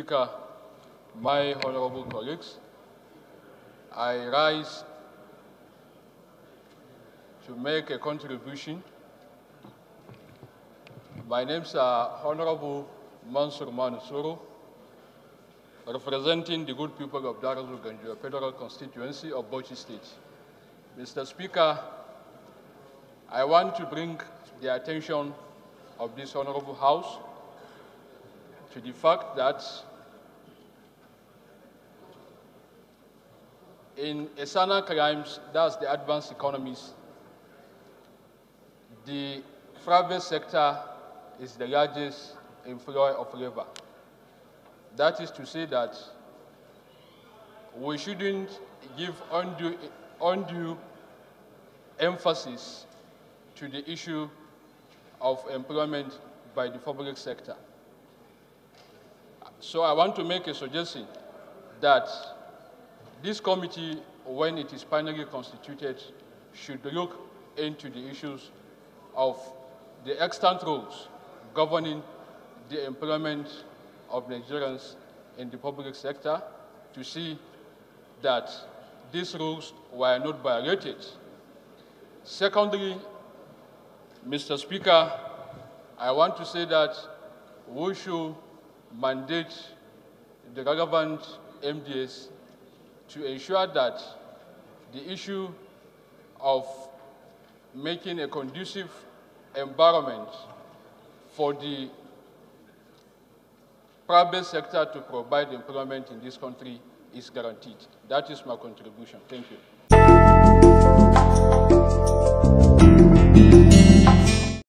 Speaker, my honorable colleagues, I rise to make a contribution. My name is Honorable Mansur Manusuru, representing the good people of Darazu Ganjua Federal Constituency of Bochi State. Mr. Speaker, I want to bring the attention of this Honorable House to the fact that in Esana crimes, that's the advanced economies, the private sector is the largest employer of labor. That is to say that we shouldn't give undue, undue emphasis to the issue of employment by the public sector. So I want to make a suggestion that this committee, when it is finally constituted, should look into the issues of the extant rules governing the employment of Nigerians in the public sector to see that these rules were not violated. Secondly, Mr. Speaker, I want to say that we should mandate the relevant MDS to ensure that the issue of making a conducive environment for the private sector to provide employment in this country is guaranteed. That is my contribution. Thank you.